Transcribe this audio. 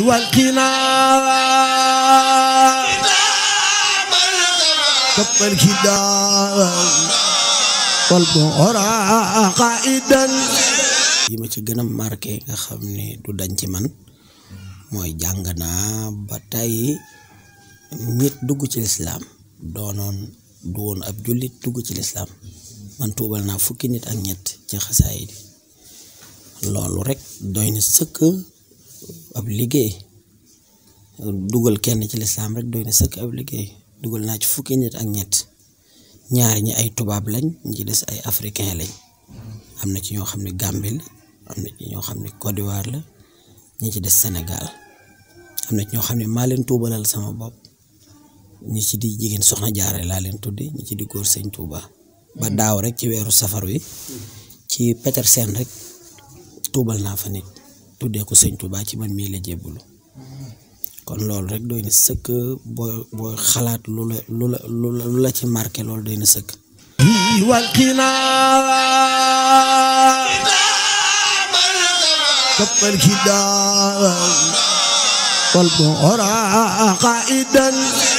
والقناع كف الكداء والبعراء قائدا ci gën a marqué nga xam ne du dañ ci man mooy jàng naa ba tey nit dugg ci lislaam doonoon du woon ab jullit dugg ci lislaam man tuubal naa fukki nit ak ñett ci xasaayid loolu rek doy na sëkk ab liggéey dugal kenn ci lislaam rek doy na sëkk ab liggéey dugal naa ci fukki nit ak ñett ñaar ñi ay tubaab lañ ñi ci des ay africain lañ am na ci ñoo xam ne Gambie am na ci ñoo xam ne Côte d'Ivoire la ñi ci des Sénégal am na ci ñoo xam ne maa leen tuubalal sama bopp ñi ci di jigéen soxna jaare laa leen tudde ñi ci di góor sañ tuuba ba daaw rek ci weeru safar wi hmm. ci Petersen rek tuubal naa fa nit tuddee ko sëñ Touba ci man mii la jébbalu kon loolu rek doy na sëkk booy booy xalaat lu la lu la lu la ci marqué loolu doy na sëkk. wal